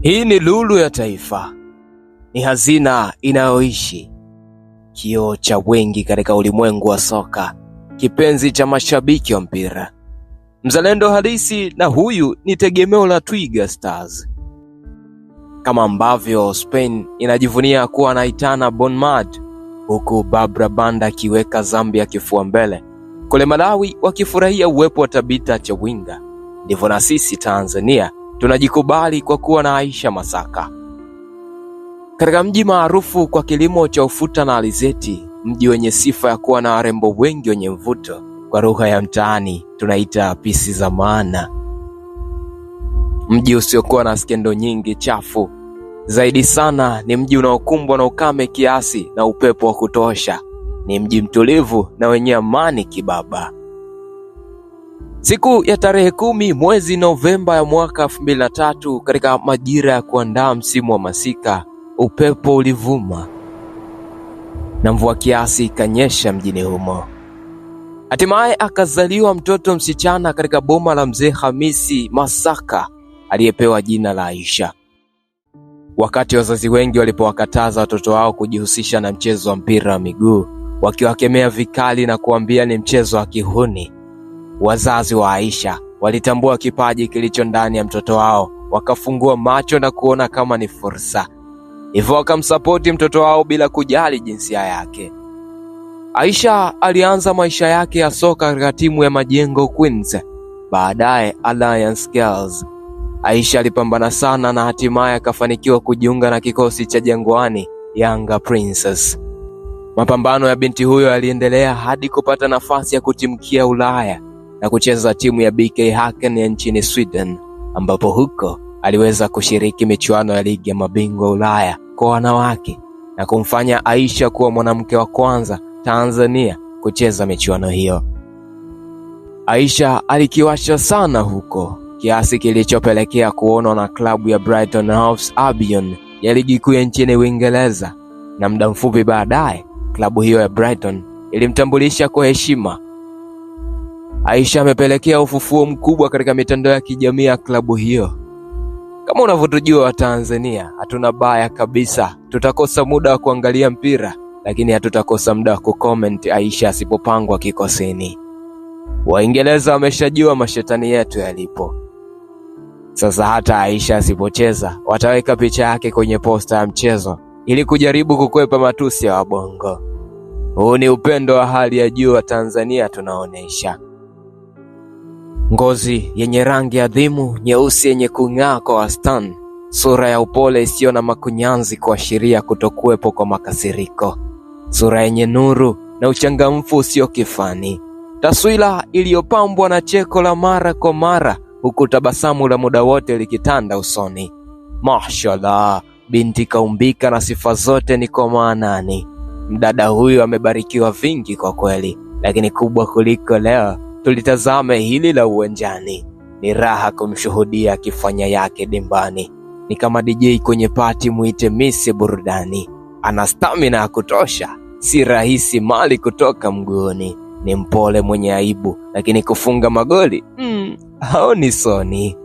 Hii ni lulu ya taifa, ni hazina inayoishi, kioo cha wengi katika ulimwengu wa soka, kipenzi cha mashabiki wa mpira, mzalendo halisi, na huyu ni tegemeo la Twiga Stars. Kama ambavyo Spain inajivunia kuwa naitana Bonmad, huku Barbara Banda akiweka Zambia kifua mbele, kule Malawi wakifurahia uwepo wa Tabita Chawinga, ndivyo na sisi Tanzania tunajikubali kwa kuwa na Aisha Masaka. Katika mji maarufu kwa kilimo cha ufuta na alizeti, mji wenye sifa ya kuwa na warembo wengi wenye mvuto, kwa lugha ya mtaani tunaita pisi za maana, mji usiokuwa na skendo nyingi chafu. Zaidi sana ni mji unaokumbwa na ukame kiasi na upepo wa kutosha. Ni mji mtulivu na wenye amani kibaba. Siku ya tarehe kumi mwezi Novemba ya mwaka 2003 katika majira ya kuandaa msimu wa masika, upepo ulivuma na mvua kiasi ikanyesha mjini humo. Hatimaye akazaliwa mtoto msichana katika boma la mzee Hamisi Masaka aliyepewa jina la Aisha. Wakati wazazi wengi walipowakataza watoto wao kujihusisha na mchezo wa mpira wa miguu, wakiwakemea vikali na kuambia ni mchezo wa kihuni, Wazazi wa Aisha walitambua kipaji kilicho ndani ya mtoto wao, wakafungua macho na kuona kama ni fursa, hivyo wakamsapoti mtoto wao bila kujali jinsia yake. Aisha alianza maisha yake ya soka katika timu ya Majengo Queens, baadaye Alliance Girls. Aisha alipambana sana na hatimaye akafanikiwa kujiunga na kikosi cha Jangwani, Yanga Princess. Mapambano ya binti huyo yaliendelea hadi kupata nafasi ya kutimkia Ulaya na kucheza timu ya BK Häcken ya nchini Sweden, ambapo huko aliweza kushiriki michuano ya ligi ya mabingwa Ulaya kwa wanawake na kumfanya Aisha kuwa mwanamke wa kwanza Tanzania kucheza michuano hiyo. Aisha alikiwasha sana huko kiasi kilichopelekea kuonwa na klabu ya Brighton Hove Albion ya ligi kuu ya nchini Uingereza, na muda mfupi baadaye klabu hiyo ya Brighton ilimtambulisha kwa heshima Aisha amepelekea ufufuo mkubwa katika mitandao ya kijamii ya klabu hiyo. Kama unavyotujua Watanzania, hatuna baya kabisa, tutakosa muda wa kuangalia mpira, lakini hatutakosa muda wa kucomment Aisha asipopangwa kikosini. Waingereza wameshajua mashetani yetu yalipo. Sasa hata Aisha asipocheza wataweka picha yake kwenye posta ya mchezo ili kujaribu kukwepa matusi ya Wabongo. Huu ni upendo wa hali ya juu wa Tanzania tunaonesha ngozi yenye rangi adhimu nyeusi yenye kung'aa kwa wastani, sura ya upole isiyo na makunyanzi kuashiria kutokuwepo kwa makasiriko, sura yenye nuru na uchangamfu usio kifani, taswira iliyopambwa na cheko la mara kwa mara huku tabasamu la muda wote likitanda usoni. Mashallah, binti kaumbika na sifa zote ni kwa maanani. Mdada huyu amebarikiwa vingi kwa kweli, lakini kubwa kuliko leo Tulitazame hili la uwanjani. Ni raha kumshuhudia akifanya yake dimbani, ni kama DJ kwenye pati, mwite Misi burudani. Ana stamina ya kutosha, si rahisi mali kutoka mguuni. Ni mpole mwenye aibu, lakini kufunga magoli mm, haoni soni.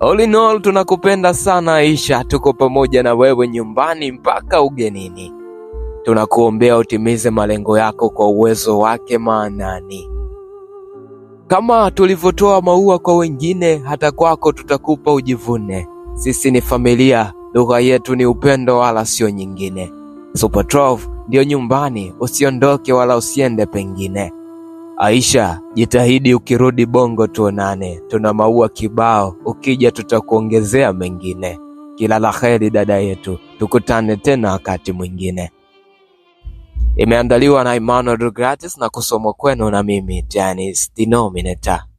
All in all, tunakupenda sana Aisha, tuko pamoja na wewe nyumbani mpaka ugenini tunakuombea utimize malengo yako kwa uwezo wake maanani. Kama tulivyotoa maua kwa wengine, hata kwako tutakupa ujivune. Sisi ni familia, lugha yetu ni upendo, wala sio nyingine. Super 12 ndiyo nyumbani, usiondoke wala usiende pengine. Aisha, jitahidi ukirudi Bongo tuonane, tuna maua kibao, ukija tutakuongezea mengine. Kila la heri dada yetu, tukutane tena wakati mwingine. Imeandaliwa na Emmanuel Gratis na kusomwa kwenu na mimi Dennis Dinominator.